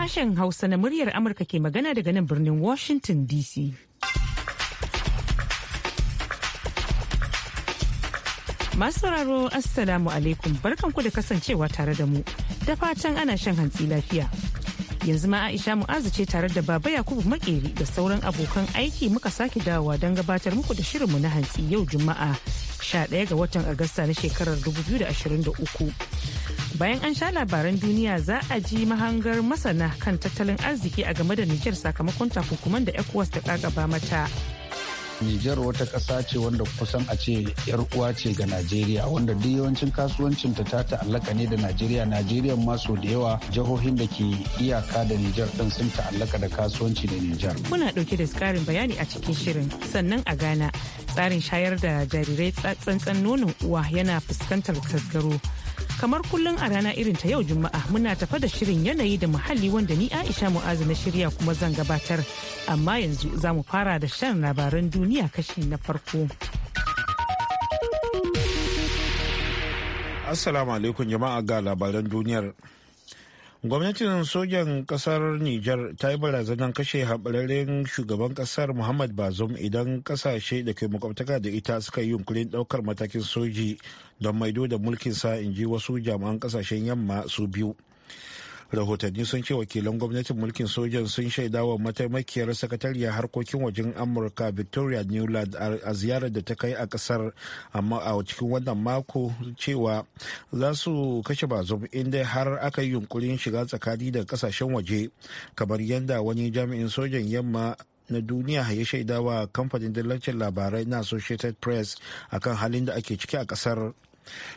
Sashen Hausa na muryar Amurka ke magana daga nan birnin Washington DC. Masu sauraro Assalamu alaikum barkanku da kasancewa tare da mu da fatan ana shan hantsi lafiya. yanzu ma aisha mu'azu ce tare da baba yakubu makeri da sauran abokan aiki muka sake dawowa don gabatar muku da shirinmu na hantsi yau juma'a 11 ga watan agusta na shekarar 2023 bayan an sha labaran duniya za a ji mahangar masana kan tattalin arziki a game da nijar sakamakon takunkuman da ecowas ta kagaba mata Nijar wata ƙasa ce wanda kusan a ce yar uwa ce ga Najeriya wanda duk yawancin kasuwancin ta ta'allaka ne da Najeriya. Najeriya maso da yawa jihohin da ke iyaka da Nijar ɗin sun ta'allaka da kasuwanci da Nijar. Muna ɗauke da tsarin bayani a cikin shirin sannan a gana tsarin shayar da jarirai tsantsan nonon uwa yana fuskantar tasgaro. kamar kullum a rana irin ta yau juma'a muna tafa da shirin yanayi da muhalli wanda ni aisha mu'azu na shirya kuma zan gabatar amma yanzu za mu fara da shan labaran duniya kashi na farko assalamu alaikum jama'a ga labaran duniyar gwamnatin sojan kasar niger ta yi barazanar kashe haɓararren shugaban kasar muhammad bazum idan kasashe da ke makwabtaka da ita suka yi yunkurin ɗaukar matakin soji don maido da mulkin sa in ji wasu jami'an kasashen yamma su biyu rahotanni sun ce wakilan gwamnatin mulkin sojan sun shaida wa mataimakiyar sakatariyar harkokin wajen amurka victoria newland a ziyarar da ta kai a kasar amma a cikin wannan mako cewa za su kashe bazum inda har aka yi yunkurin shiga tsakani da kasashen waje kamar yadda wani jami'in sojan yamma na duniya ya shaida wa kamfanin dillacin labarai na associated press akan halin da ake ciki a kasar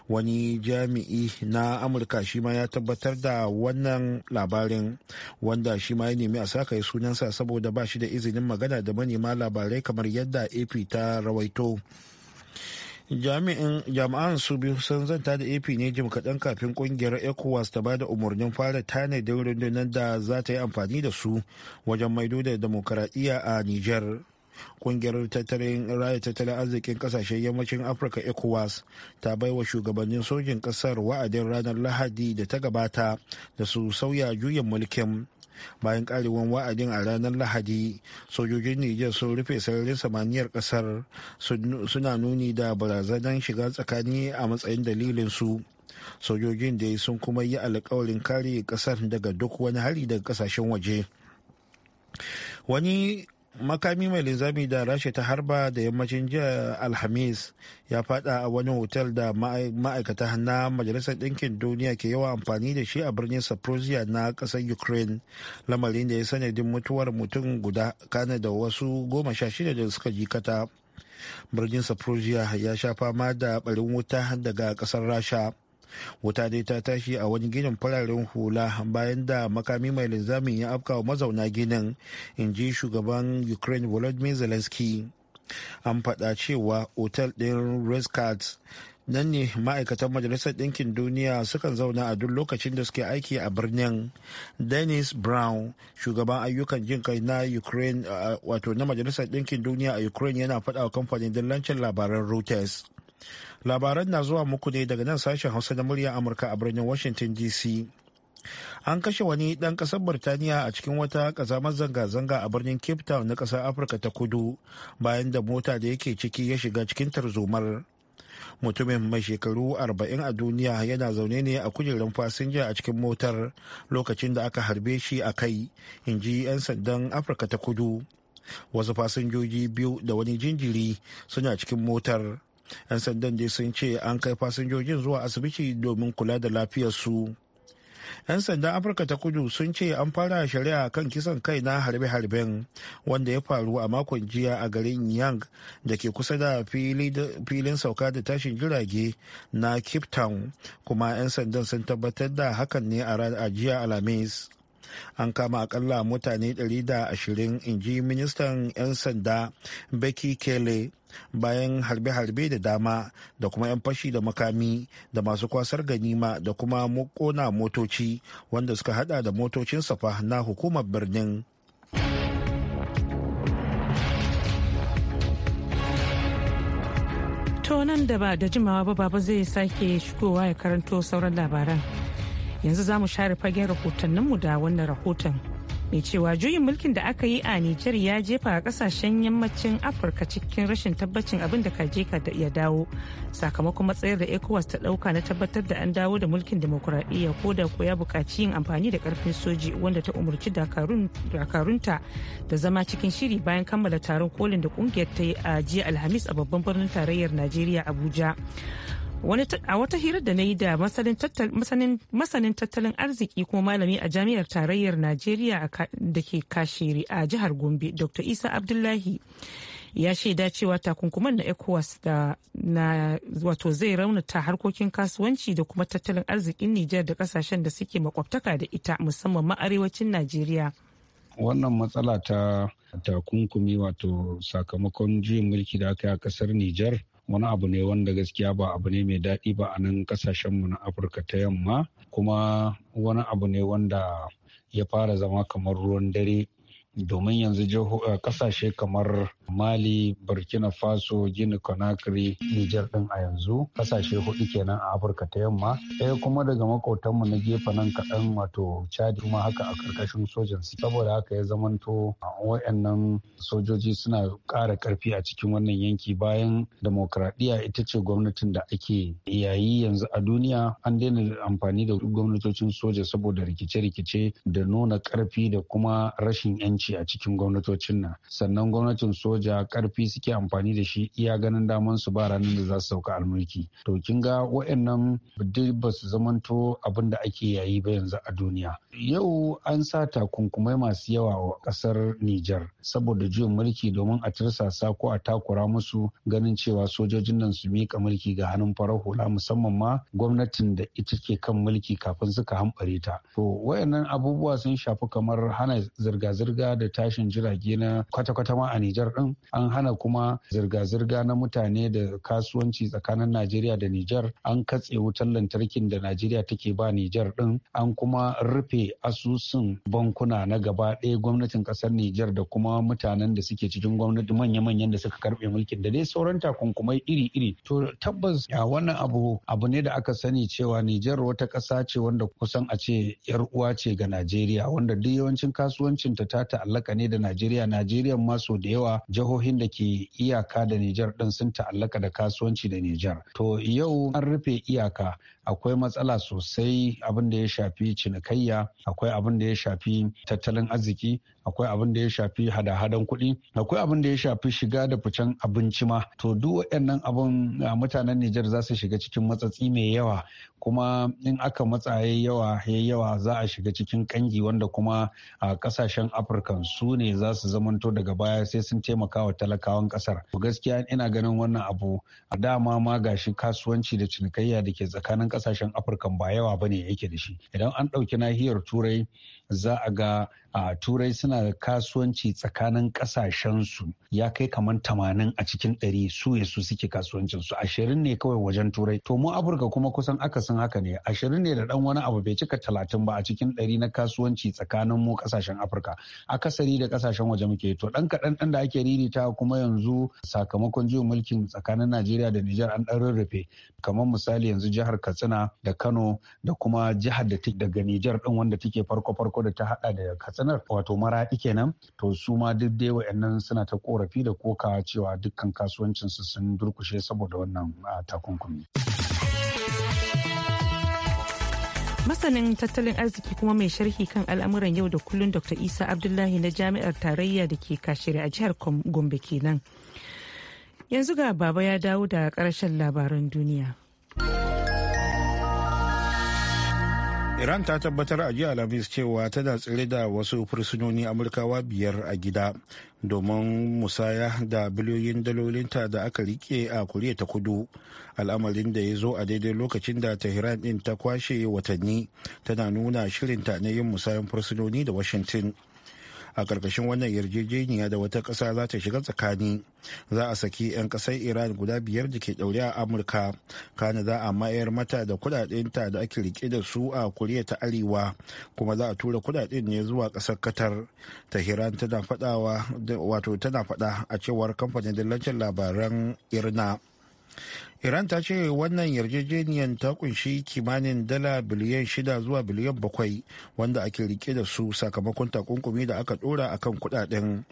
wani jami'i na amurka shi ma ya tabbatar da wannan labarin wanda shi ma ya nemi a saka sunansa saboda ba shi da izinin magana da manema labarai kamar yadda ap ta rawaito jami'an su biyu sun zanta da ap ne jim kaɗan kafin ƙungiyar ecowas ta bada umarnin fara tanadin rundunar da za ta yi amfani da su wajen maido da demokaradiyya a niger kungiyar tattalin raya tattalin arzikin kasashen yammacin afirka ecowas ta baiwa shugabannin sojin kasar wa'adin ranar lahadi da ta gabata da su sauya juyin mulkin bayan karewan wa'adin a ranar lahadi sojojin niger sun rufe sararin samaniyar kasar suna nuni da barazanar shiga tsakani a matsayin dalilin su sojojin da sun kuma yi alkawarin kare kasar daga duk wani hari daga kasashen waje wani makami mai linzami da rasha ta harba da yammacin jiya alhamis ya fada a wani hotel da ma'aikata na majalisar ɗinkin duniya ke yawa amfani da shi a birnin saprosia na ƙasar ukraine lamarin da ya sanadin mutuwar mutum guda kana da wasu goma sha shida da suka jikata birnin saprosia ya sha fama da ɓarin wuta daga ƙasar rasha wuta dai ta tashi a wani ginin fararen hula bayan da makami mai linzamin ya afka wa mazauna ginin in ji shugaban ukraine volodymyr zelensky an faɗa cewa otal ɗin rescat nan ne ma'aikatan majalisar ɗinkin duniya sukan zauna a duk lokacin da suke aiki a birnin dennis brown shugaban ayyukan jin kai na ukraine wato na majalisar ɗinkin duniya a ukraine yana faɗa wa kamfanin dillancin labaran reuters labaran na zuwa muku ne daga nan sashen hausa na murya amurka a birnin washington dc an kashe wani ɗan ƙasar birtaniya a cikin wata ƙazamar zanga-zanga a birnin cape town na ƙasar afirka ta kudu bayan da mota da yake ciki ya shiga cikin tarzomar mutumin mai shekaru 40 a duniya yana zaune ne a kujerun fasinja a cikin motar lokacin da aka harbe shi a kai in ji 'yan sandan afirka ta kudu wasu fasinjoji biyu da wani jinjiri suna cikin motar 'yan sandan dai sun ce an kai fasinjojin zuwa asibiti domin kula da lafiyarsu 'yan sandan afirka ta kudu sun ce an fara shari'a kan kisan kai na harbe-harben wanda ya faru a makon jiya a garin yang da ke kusa da filin sauka da tashin jirage na cape town kuma 'yan sandan sun tabbatar da hakan ne a jiya alhamis an kama akalla mutane 120 ji ministan 'yan sanda becky kele bayan harbe-harbe da dama da kuma 'yan fashi da makami da masu kwasar ganima da kuma kona motoci wanda suka hada da motocin safa na hukumar birnin to da ba da jimawa ba baba zai sake shigowa ya karanto sauran labaran yanzu za mu share fagen rahotanninmu da wannan rahoton mai cewa juyin mulkin da aka yi a Nijar ya jefa a kasashen yammacin Afirka cikin rashin tabbacin abin da ka ka ya dawo sakamakon matsayar da ECOWAS ta dauka na tabbatar da an dawo da mulkin demokuraɗiyya ko da ko ya buƙaci yin amfani da ƙarfin soji wanda ta umarci dakarunta da zama cikin shiri bayan kammala taron kolin da ƙungiyar ta yi a jiya Alhamis a babban birnin tarayyar Najeriya Abuja. a wata hirar da na yi da masanin tattalin arziki kuma malami a jami'ar tarayyar najeriya da ke kashiri a jihar gombe dr isa abdullahi ya shaida cewa takunkuman na ecowas da na wato zai raunata harkokin kasuwanci da kuma tattalin arzikin nijar da kasashen da suke makwabtaka da ita musamman ma arewacin najeriya wannan matsala ta takunkumi wato sakamakon juyin mulki da aka yi a kasar nijar wani abu ne wanda gaskiya ba abu ne mai daɗi ba a nan kasashenmu na afirka ta yamma kuma wani abu ne wanda ya fara zama kamar ruwan dare domin yanzu kasashe eh, kamar mali burkina faso gini conakry niger din a yanzu kasashe hudu kenan a afirka ta yamma ɗaya kuma daga makotanmu na gefe nan kaɗan wato chad kuma haka a ƙarƙashin sojan su saboda haka ya zamanto wayannan sojoji suna ƙara ƙarfi a cikin wannan yanki bayan demokradiyya ita ce gwamnatin da ake yayi yanzu a duniya an daina amfani da gwamnatocin soja saboda rikice-rikice da nuna ƙarfi da kuma rashin 'yanci ta'addanci a cikin gwamnatocin nan sannan gwamnatin soja karfi suke amfani da shi iya ganin daman su ba ranar da za su sauka almulki to kin ga wa'annan duk ba su zamanto abin da ake yayi ba yanzu a duniya yau an sa takunkumai masu yawa wa kasar Nijar saboda juyin mulki domin a tirsasa ko a takura musu ganin cewa sojojin nan su mika mulki ga hannun farar hula musamman ma gwamnatin da ita ke kan mulki kafin suka hambare ta to wayannan abubuwa sun shafi kamar hana zirga-zirga da tashin jirage na kwata-kwata ma a Nijar din an hana kuma zirga-zirga na mutane da kasuwanci tsakanin Najeriya da Nijar an katse wutar lantarkin da Najeriya take ba Nijar din an kuma rufe asusun bankuna na gaba ɗaya gwamnatin kasar Nijar da kuma mutanen da suke cikin gwamnati manya-manyan da suka karɓe mulkin da dai sauran takunkumai iri-iri to tabbas ya wannan abu abu ne da aka sani cewa Nijar wata kasa ce wanda kusan a ce yar uwa ce ga Najeriya wanda duk yawancin kasuwancinta ta ta ta'allaka ne da Najeriya Najeriya maso da yawa jihohin da ke iyaka da Nijar ɗin sun ta'allaka da kasuwanci da Nijar to yau an rufe iyaka akwai matsala sosai abin da ya shafi cinikayya akwai abin da ya shafi tattalin arziki akwai abin da ya shafi hada-hadan kuɗi akwai abin da ya shafi shiga da ficen abinci ma to duk waɗannan abin mutanen Nijar za su shiga cikin matsatsi mai yawa kuma in aka matsa ya yawa ya yawa za a shiga cikin kangi wanda kuma a kasashen afirka su ne za su zamanto daga baya sai sun taimaka wa talakawan kasar gaskiya ina ganin wannan abu a dama ma gashi kasuwanci da cinikayya da ke tsakanin kasashen afirka ba yawa ba bane yake da shi idan an ɗauki nahiyar turai za a ga a turai suna da kasuwanci tsakanin kasashen su. ya kai kamar tamanin a cikin ɗari su ya su suke kasuwancin su ashirin ne kawai wajen turai to mu afirka kuma kusan akasin haka ne ashirin ne da ɗan wani abu bai cika talatin ba a cikin ɗari na kasuwanci tsakanin mu kasashen afirka akasari da kasashen waje muke to ɗan kaɗan ɗan da ake ririta kuma yanzu sakamakon juyin mulkin tsakanin najeriya da nijar an ɗan rarrafe kamar misali yanzu jihar katsina da kano da kuma jihar da daga nijar ɗin wanda take farko farko farko da ta hada da katsinar wato maraɗi kenan to su ma duk dai wa'annan suna ta korafi da koka cewa dukkan kasuwancinsu sun durkushe saboda wannan takunkumi. Masanin tattalin arziki kuma mai sharhi kan al'amuran yau da kullun Dr. Isa Abdullahi na Jami'ar Tarayya da ke kashiri a jihar Gombe kenan. Yanzu ga baba ya dawo da ƙarshen labaran duniya. iran ta tabbatar a jiya alhamis cewa tana tsire da wasu fursunoni amurkawa biyar a gida domin musaya da biliyoyin dalolinta da aka rike a kuriya ta kudu al'amarin da ya zo a daidai lokacin da tehran din ta kwashe watanni tana nuna shirinta na yin musayan fursunoni da washington a ƙarƙashin wannan yarjejeniya da wata ƙasa za ta shiga tsakani za a saki 'yan ƙasar iran guda biyar da ke ɗaure a amurka kana za a mayar mata da kudaden ta da ake rike da su a koriya ta arewa kuma za a tura kudaden ne zuwa ƙasar qatar tahiran tana fadawa wato tana fada a cewar kamfanin dillancin labaran irna Iran ta ce wannan yarjejeniyar ta kunshi kimanin dala biliyan shida zuwa biliyan bakwai wanda ake rike da su sakamakon takunkumi da aka dora a kan kudaden.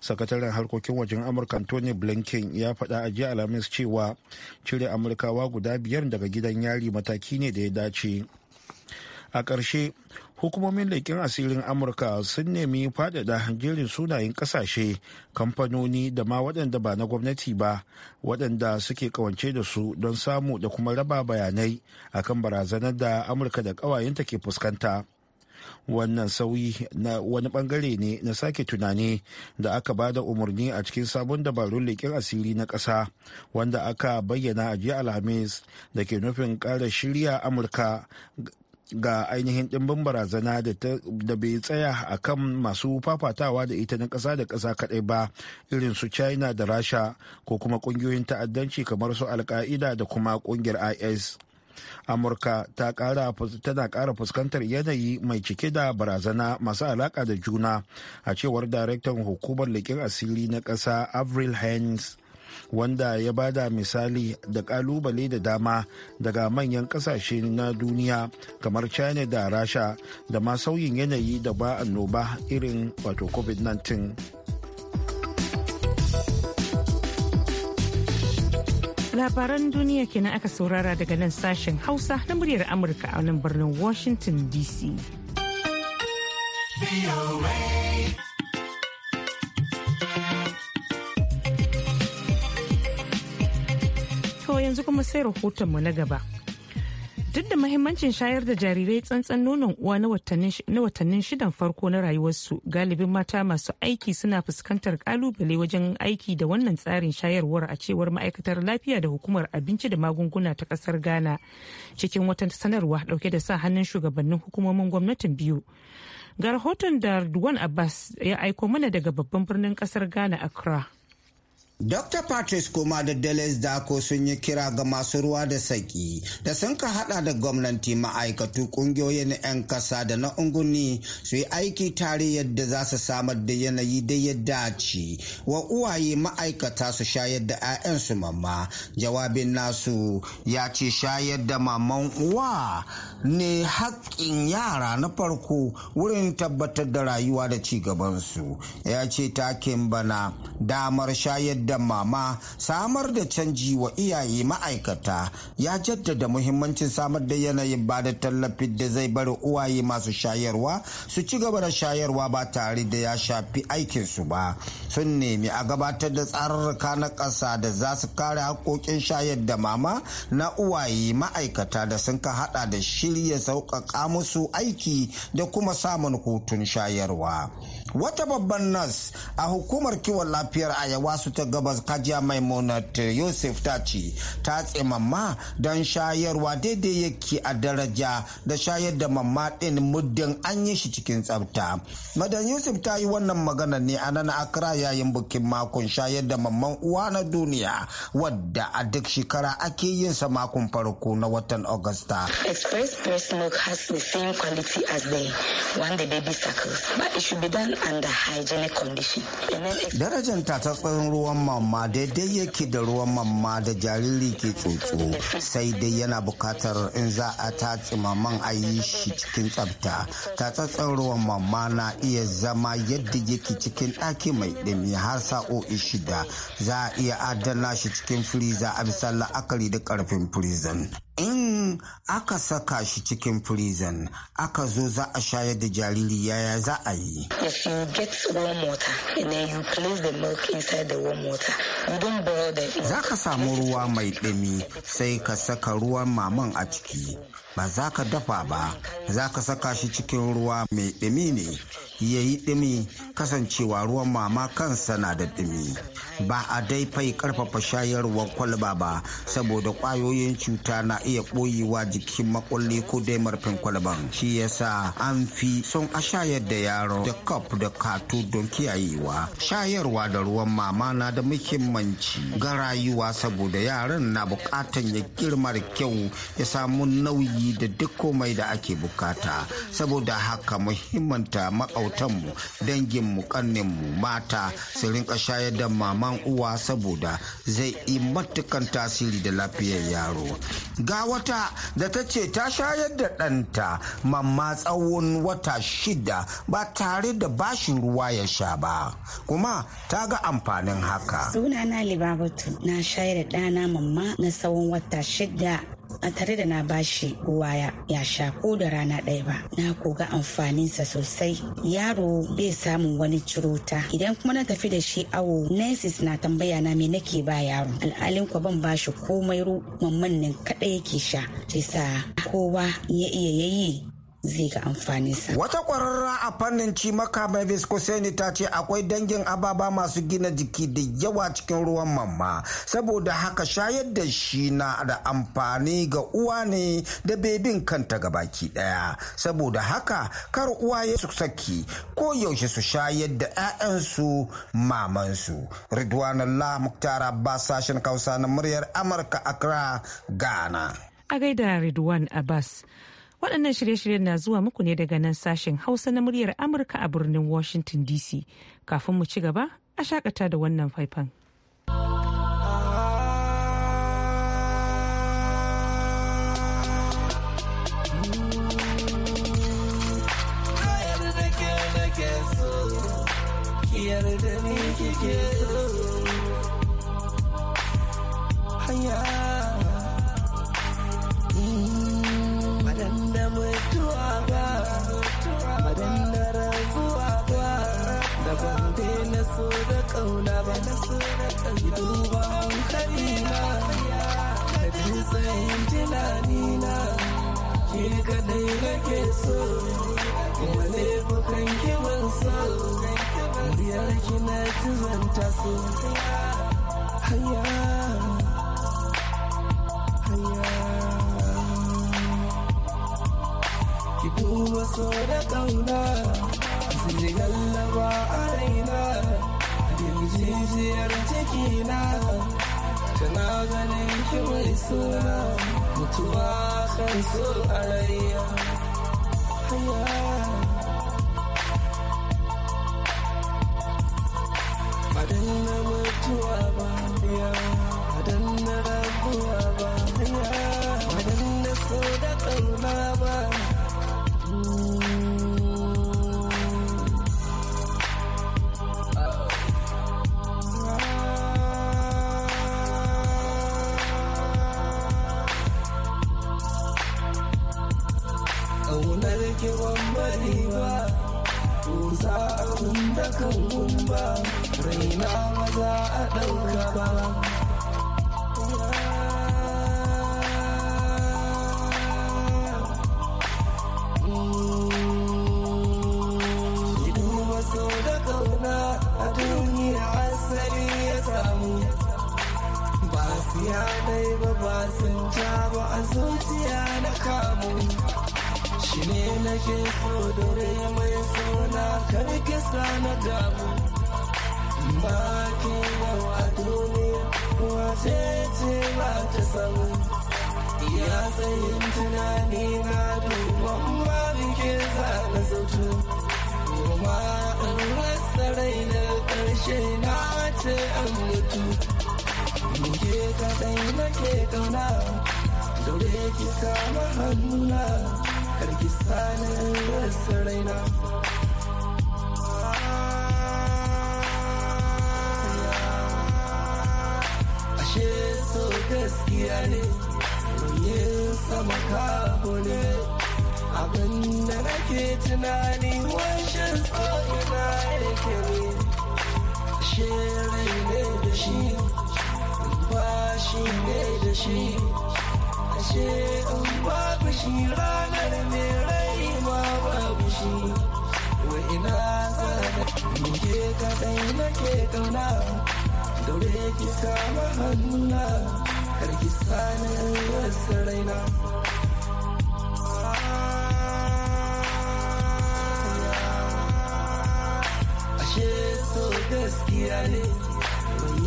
Sakataren harkokin wajen Amurka Tony Blinken ya faɗa a jiya Alhamis cewa cire Amurkawa guda biyar daga gidan yari mataki ne da ya dace. a ƙarshe hukumomin leƙen asirin amurka sun nemi faɗaɗa jerin sunayen ƙasashe kamfanoni da ma waɗanda ba na gwamnati ba waɗanda suke kawance da su don samu da kuma raba bayanai a kan barazanar da amurka da ƙawayenta ke fuskanta wannan sauyi na wani bangare ne na sake tunani da aka ba da umarni a cikin sabon dabarun leƙen asiri na ƙasa wanda aka bayyana a jiya alhamis da ke nufin ƙara shirya amurka ga ainihin ɗimbin barazana da bai tsaya a kan masu fafatawa da ita na ƙasa da ƙasa kaɗai ba irin su china da rasha ko kuma ƙungiyoyin ta'addanci kamar su alka'ida da kuma ƙungiyar is amurka tana ƙara fuskantar yanayi mai cike da barazana masu alaƙa da juna a cewar daraktan hukumar likin asiri na ƙasa avril haines wanda ya bada misali da kalubale da dama daga manyan kasashe na duniya kamar china da rasha da ma sauyin yanayi da ba annoba irin wato covid-19 labaran duniya kenan aka saurara daga nan sashen hausa na muryar amurka a nan birnin washington dc yanzu kuma sai rahotonmu na gaba. Duk da mahimmancin shayar da jarirai tsantsan nonon uwa na watannin shidan farko na rayuwarsu galibin mata masu aiki suna fuskantar kalubale wajen aiki da wannan tsarin shayarwar a cewar ma'aikatar lafiya da hukumar abinci da magunguna ta kasar Ghana cikin wata sanarwa dauke da sa hannun shugabannin hukumomin gwamnatin biyu. Ga rahoton da Duwan Abbas ya aiko mana daga babban birnin kasar Ghana Accra. Dr. Patrice Kuma da Deles Dako sun yi kira ga masu ruwa da saki da sun ka hada da gwamnati ma'aikatu kungiyoyin 'yan kasa da na unguni su yi aiki tare yadda za su samar da yanayi da ya dace wa uwaye ma'aikata su shayar da su mamma. Jawabin nasu ya ce shayar da maman uwa ne haƙƙin yara na farko wurin tabbatar da rayuwa da ci gabansu. Ya ce takin bana damar shayar Idan mama samar da canji wa iyaye ma'aikata ya jaddada muhimmancin samar da yanayin ba da tallafin da zai bar uwaye masu shayarwa su ci gaba da shayarwa ba tare da ya shafi aikinsu ba sun nemi a gabatar da tsararraka na ƙasa da za su kare haƙoƙin shayar da mama na uwaye ma'aikata da sun ka haɗa da shirya sauƙaƙa musu aiki da kuma samun hutun shayarwa. wata babban nas a hukumar kiwon lafiyar ayawa su ta gabas kajiya maimunat yosef ta ce ta mamma don shayarwa daidai yake a daraja da shayar da mamma ɗin muddin an yi shi cikin tsafta madan yusuf ta yi wannan magana ne a nan akra yayin bikin makon shayar da mamman uwa na duniya wadda a duk shekara ake yin sa makon farko na watan augusta express breast milk has the same quality as the one the baby suckles but it should be done under hygienic condition. Darajan tatsatsin ruwan mamma daidai yake da ruwan mamma da jariri ke tsotso sai dai yana bukatar in za a tatsi maman a yi shi cikin tsafta. Tatatsan ruwan mamma na iya zama yadda yake cikin ɗaki mai ɗumi har sa'o'i shida za a iya adana shi cikin firiza a bisa la'akari da ƙarfin firizan. aka saka shi cikin prison aka zo za a shayar da jariri yaya za a yi if you get warm water and then you place the milk inside the warm water you don't boil the milk za ka samu ruwa mai ɗumi sai ka saka ruwan maman a ciki ba za ka dafa ba za ka saka shi cikin ruwa mai ɗumi ne ya yi ɗumi kasancewa ruwan mama kansa na da ɗumi ba a dai fai karfafa shayarwar kwalba ba saboda ƙwayoyin cuta na iya ɓoyewa jikin makulli ko dai marfin kwalban shi yasa an fi son a shayar da yaro da kaf da kato don kiyayewa shayarwa da ruwan mama na da muhimmanci ga rayuwa saboda yaran na buƙatan ya girma da kyau ya samu nauyi yi da duk komai da ake bukata saboda haka muhimmanta maƙautanmu danginmu mu mata su rinka shayar da maman uwa saboda zai yi matukan tasiri da lafiyar yaro ga wata da ta ce ta shayar da ɗanta mamma tsawon wata shida ba tare da bashin ruwa ya sha ba kuma ta ga amfanin haka sunana libabatu na shayar da ɗana mamma na tsawon wata shida a tare da na bashi ruwa ya sha ko da rana ɗaya ba na koga amfaninsa sosai yaro bai samun wani cirota idan kuma na tafi da shi awo nurses na tambaya na me nake ba yaro al'alin kwa ban bashi komai mamman nan kaɗai yake sha sai sa kowa ya iya yayi zai ga amfani sa. Wata ƙwararra a fannin cimaka Mavis Kuseni ta ce akwai dangin ababa masu gina jiki da yawa cikin ruwan mamma saboda haka shayar da shi na da amfani ga uwa ne da bebin kanta ga baki ɗaya saboda haka kar uwa ya su saki ko yaushe su shayar da 'ya'yansu mamansu. Ridwanallah Muktar Abbas sashen Kausa na muryar Amurka Accra Ghana. A gaida Ridwan Abbas. Waɗannan shirye-shiryen na zuwa muku ne daga nan sashen Hausa na muryar Amurka a birnin Washington DC. Kafin mu ci gaba, a shakata da wannan faifan. Yeah. so da kauna ba ta duba hankali na da tunani na ke kadai so bukan kiwon so muryar ci haya haya ki duba so da kauna zai lallaba a raina jijiyar cikina na tana ganin ki mai suna mutuwa kan so a ki ban bari ba Kusa abin da kan gumba raina maza a ɗauka ba so da kauna a duniya asali ya samu ba siya dai ba ba ba a zuciya na kamu shi ne nake so dore mai suna karki na damu ba ke yawa, duniya wace ce ba ta samu ya tsayin tunani na duban ba ke za na zautu kuma in rasa rai na ƙarshe na ce an mutu Muke kaɗai nake ƙauna, daure ki kama hannuna. karki sanin rasa raina ashe so gaskiya ne yin sama kabo ne abin da nake tunani wancan tsohina yake ne ashe rai ne da shi ba ne da shi ce in babu shi ranar ne rai ma babu shi wa ina zana ke kaɗai nake ƙauna daure ki kama hannuna karki sani wasu raina ashe so gaskiya ne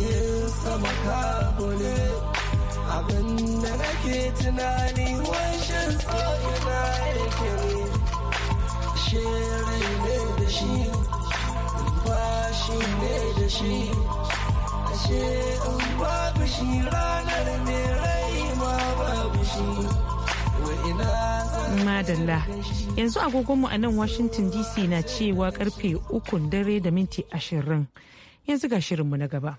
yin sama kabo ne abinda da nake tunani washin tsogina yake ne shirin ne da shi fashi ne da shi ashe in babu shi ranar ne rai ma babu shi Madalla yanzu agogonmu a nan Washington DC na cewa karfe ukun dare da minti ashirin yanzu ga shirinmu na gaba.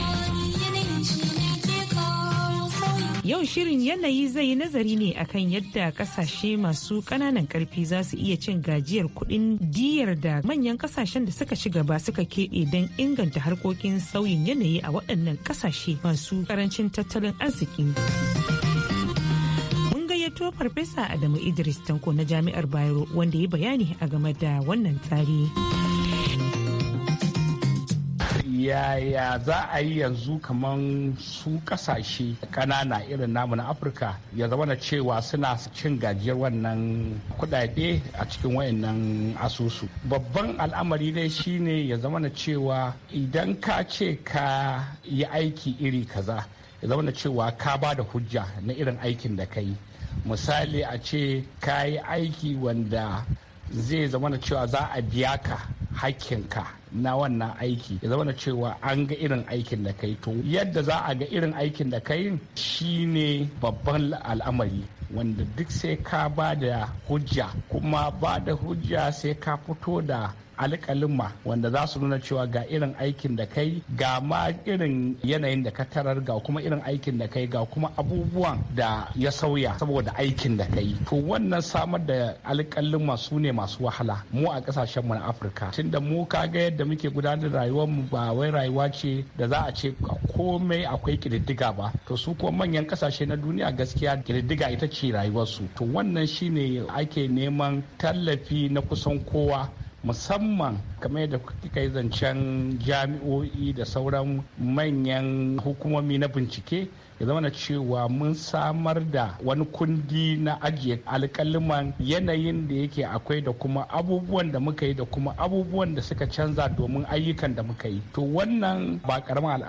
Yau shirin yanayi zai yi nazari ne akan yadda kasashe masu kananan karfi za su iya cin gajiyar kuɗin diyar da manyan kasashen da suka ci gaba suka keɓe don inganta harkokin sauyin yanayi a waɗannan kasashe masu karancin tattalin arziki. Mun gayyato Farfesa Adamu Idris Tanko na Jami'ar Bayero wanda ya bayani a game da wannan tsari. yaya za a yi yanzu kamar su kasashe ƙanana irin namu na afirka ya zama na cewa suna cin gajiyar wannan kudade a cikin wayannan asusu babban al'amari dai shine ya zama na cewa idan ka ce ka yi aiki iri kaza ya zama na cewa ka ba da hujja na irin aikin da ka misali a ce ka yi aiki wanda zai zama na cewa za a biya ka hakkinka na wannan aiki ya zama cewa an ga irin aikin da kai to yadda za a ga irin aikin da kai shine babban al'amari wanda duk sai ka ba da hujja kuma ba da hujja sai ka fito da alƙalima wanda za su nuna cewa ga irin aikin da kai ga ma irin yanayin da ka tarar ga kuma irin aikin da kai ga kuma abubuwan da ya sauya saboda aikin da kai to wannan samar da alƙalima su ne masu wahala mu a ƙasashen mu na afirka tunda mu ka ga yadda muke gudanar da rayuwar mu ba wai rayuwa ce da za a ce komai akwai ƙididdiga ba to su kuma manyan ƙasashe na duniya gaskiya ƙididdiga ita ce rayuwarsu to wannan shine ake neman tallafi na kusan kowa musamman kamar da kika yi zancen jami'o'i da sauran manyan hukumomi na bincike ya zama na cewa mun samar da wani kundi na ajiye alkaliman yanayin da yake akwai da kuma abubuwan da muka yi da kuma abubuwan da suka canza domin ayyukan da muka yi to wannan ba karamin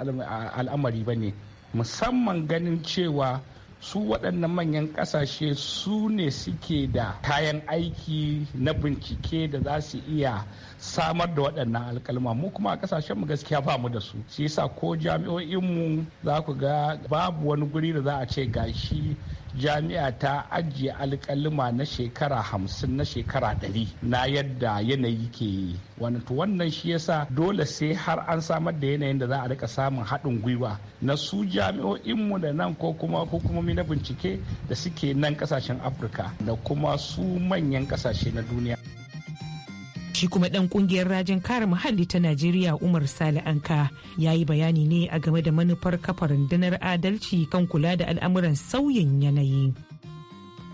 al'amari ba ne musamman ganin cewa su waɗannan manyan ƙasashe su ne suke da kayan aiki na bincike da za su iya samar da waɗannan alkalma mu kuma a ƙasashen mu gaskiya ba mu da su shi yasa ko jami'o'inmu mu za ku ga babu wani guri da za a ce gashi jami'a ta ajiye alkalima na shekara hamsin na shekara ɗari na yadda yanayi ke wani to wannan shi yasa dole sai har an samar da yanayin da za a rika samun haɗin gwiwa na su jami'o'inmu da nan ko kuma hukumomi na bincike da suke nan ƙasashen afirka da kuma su manyan ƙasashe na duniya. Shi kuma ɗan ƙungiyar rajin kare muhalli ta Najeriya Umar Sale Anka ya yi bayani ne a game da manufar kafa rundunar adalci kan kula da al'amuran sauyin yanayi.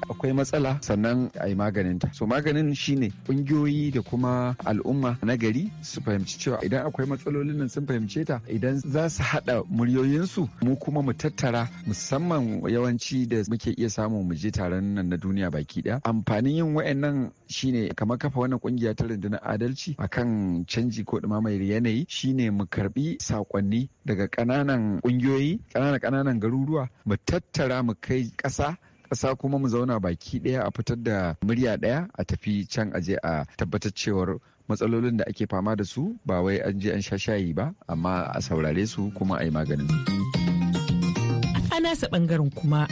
akwai matsala sannan a yi ta. so maganin shine kungiyoyi da kuma al'umma na gari su fahimci cewa idan akwai matsalolin nan sun fahimce ta idan za su haɗa muryoyinsu mu kuma mu tattara musamman yawanci da muke iya samu mu je taron nan na duniya baki ɗaya amfanin yin wayannan shine kamar kafa wannan ƙungiya ta rundunar adalci akan canji ko mai yanayi shine mu karbi sakonni daga ƙananan ƙungiyoyi kananan ƙananan garuruwa mu tattara mu kai ƙasa ƙasa kuma mu zauna baki ɗaya a fitar da murya ɗaya a tafi can aje a tabbatar cewar matsalolin da ake fama da su ba wai an je an sha shayi ba amma a saurare su kuma a yi maganin. A nasa ɓangaren kuma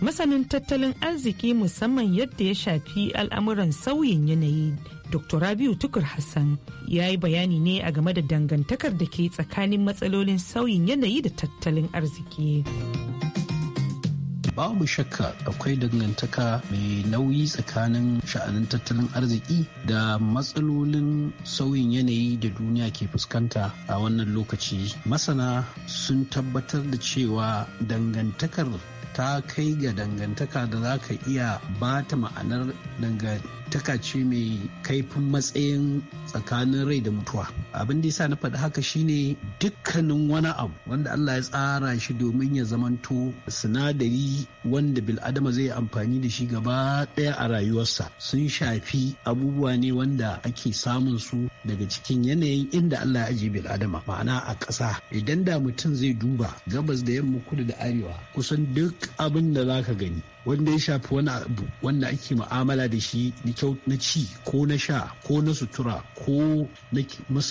masanin tattalin arziki musamman yadda ya shafi al'amuran sauyin yanayi dr rabiu tukur hassan ya yi bayani ne a game da dangantakar da ke tsakanin matsalolin sauyin yanayi da tattalin arziki. babu shakka akwai dangantaka mai nauyi tsakanin sha'anin tattalin arziki da matsalolin sauyin yanayi da duniya ke fuskanta a wannan lokaci masana sun tabbatar da cewa dangantakar ta kai ga dangantaka da za ka iya ba ta ma'anar dangantaka ce mai kaifin matsayin tsakanin rai da mutuwa abin da yasa na faɗi haka shine dukkanin wani abu wanda Allah ya tsara shi domin ya zamanto sinadari wanda bil'adama zai amfani da shi gaba ɗaya a rayuwarsa sun shafi abubuwa ne wanda ake samun su daga cikin yanayin inda Allah ya ajiye bil'adama ma'ana a ƙasa idan da mutum zai duba gabas da yamma kudu da arewa kusan duk abin da za ka gani wanda ya shafi wani abu wanda ake mu'amala da shi na ci ko na sha ko na sutura ko na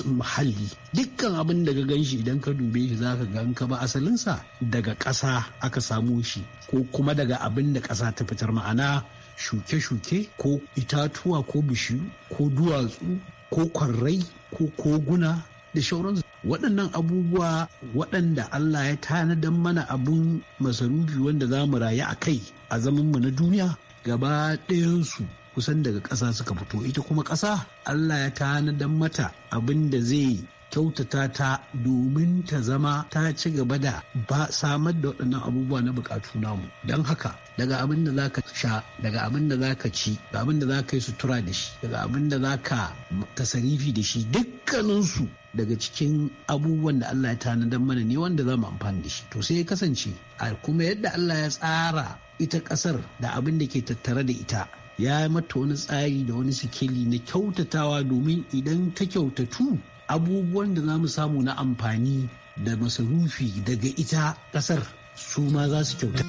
muhalli dukkan abin da ka gan shi idan ka dube shi za ka gan ka ba asalinsa daga ƙasa aka samu shi ko kuma daga abin da ƙasa ta fitar ma'ana shuke-shuke ko itatuwa ko bishiyu ko duwatsu ko kwarrai ko koguna da shauransu waɗannan abubuwa waɗanda Allah ya tanadar mana abun masarufi wanda za mu rayu a kai a zamanmu na duniya gaba ɗayansu kusan daga ƙasa suka fito ita kuma ƙasa Allah ya tanadar mata abin da zai kyautata ta domin ta zama ta ci gaba da ba samar da waɗannan abubuwa na bukatu namu don haka daga abin da zaka sha daga abin da zaka ci daga abin da zaka yi sutura da shi daga abin da zaka tasarifi da shi dukkaninsu daga cikin abubuwan da Allah ya tanadar mana ne wanda za mu amfani da shi to sai ya kasance a kuma yadda Allah ya tsara ita ƙasar da abin da ke tattare da ita ya mata wani tsari da wani sikeli na kyautatawa domin idan ta kyautatu abubuwan da za mu samu na amfani da masarufi daga ita kasar su ma za su kyauta.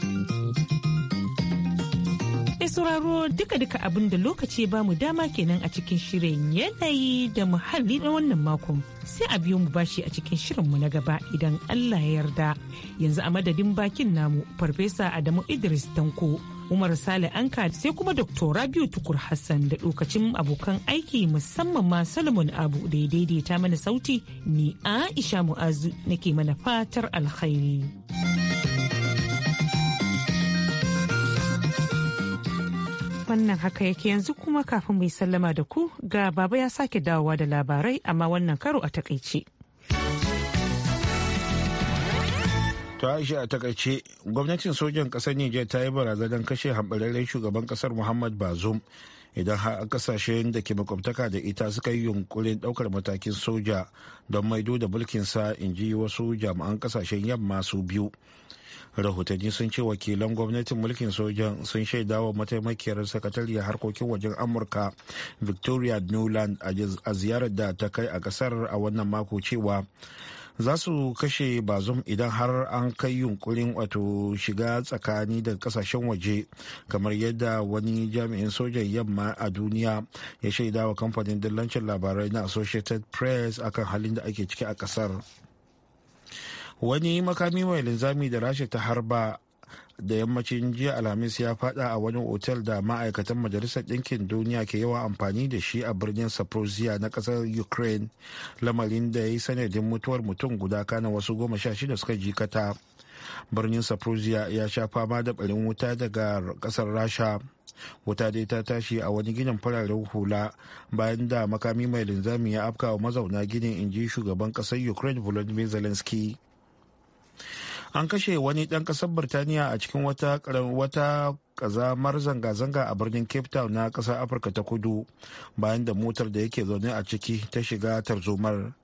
sauraro duka-duka abin da lokaci ba mu dama kenan a cikin shirin yanayi da muhalli na wannan makon sai a biyo mu bashi a cikin shirinmu na gaba idan Allah ya yarda yanzu a madadin bakin namu farfesa Adamu Idris Tanko Umar Sale Anka sai kuma Dr. Rabiu Tukur Hassan da dokacin abokan aiki musamman ma Solomon Abu da ya daidaita mana sauti ni Aisha Mu'azu nake mana fatar alkhairi. Wannan haka yake yanzu kuma kafin mai sallama da ku ga baba ya sake dawowa da labarai amma wannan karo a takaice. To Aisha a takaice gwamnatin sojan ƙasar Nijar ta yi barazanar kashe hambararren shugaban ƙasar Muhammad Bazoum idan har kasashen da ke makwabtaka da ita suka yi yunkurin ɗaukar matakin soja don maido da mulkinsa in ji wasu jami'an ƙasashen yamma su biyu. rahotanni sun ce wakilan gwamnatin mulkin sojan sun shaida wa mataimakiyar sakatariyar harkokin wajen amurka victoria newland a ziyarar da ta kai a kasar a wannan mako cewa za su kashe bazum idan har an kai yunkurin wato shiga tsakani da kasashen waje kamar yadda wani jami'in sojan yamma a duniya ya shaida wa kamfanin dillancin labarai na associated press akan halin da ake ciki a kasar wani makami mai linzami da rasha ta harba da yammacin jiya alhamis ya fada a wani otel da ma'aikatan majalisar ɗinkin duniya ke yawa amfani da shi a birnin saprosia na ƙasar ukraine lamarin da ya yi sanadin mutuwar mutum guda kana wasu goma sha shida suka jikata birnin saprosia ya sha fama da ɓarin wuta daga ƙasar rasha wuta dai ta tashi a wani ginin fararen hula bayan da makami mai linzami ya afka wa mazauna ginin inji shugaban ƙasar ukraine volodymyr zelensky an kashe wani ɗan ƙasar birtaniya a cikin wata ƙazamar zanga-zanga a birnin cape town na ƙasar afirka ta kudu bayan da motar da yake zaune a ciki ta shiga tarzomar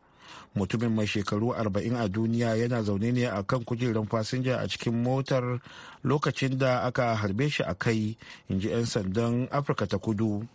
mutumin mai shekaru 40 a duniya yana zaune ne a kan kujerun fasinja a cikin motar lokacin da aka harbe shi a kai in ji 'yan sandan afirka ta kudu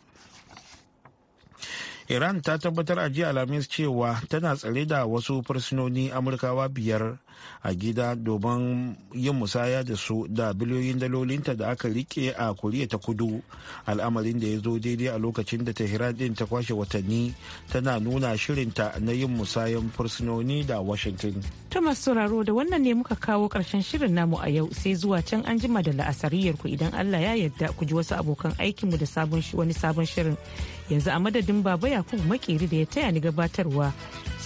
iran ta tabbatar a jiya alhamis cewa tana tsare da wasu fursunoni amurkawa biyar a gida domin yin musaya da su da biliyoyin dalolinta da aka rike a koriya ta kudu al'amarin da ya zo daidai a lokacin da tehran din ta kwashe watanni tana nuna shirinta na yin musayan fursunoni da washington thomas sauraro da wannan ne muka kawo karshen shirin namu a yau sai zuwa can an jima da la'asariyar ku idan allah ya yarda ku ji wasu abokan aikin mu da sabon wani sabon shirin yanzu a madadin baba yakubu makeri da ya taya ni gabatarwa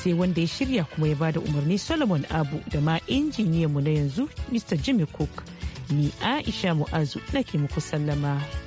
sai wanda ya shirya kuma ya bada umarni Solomon Abu da ma injiniyanmu na yanzu Mr. Jimmy Cook. Ni Aisha Mu'azu nake muku sallama.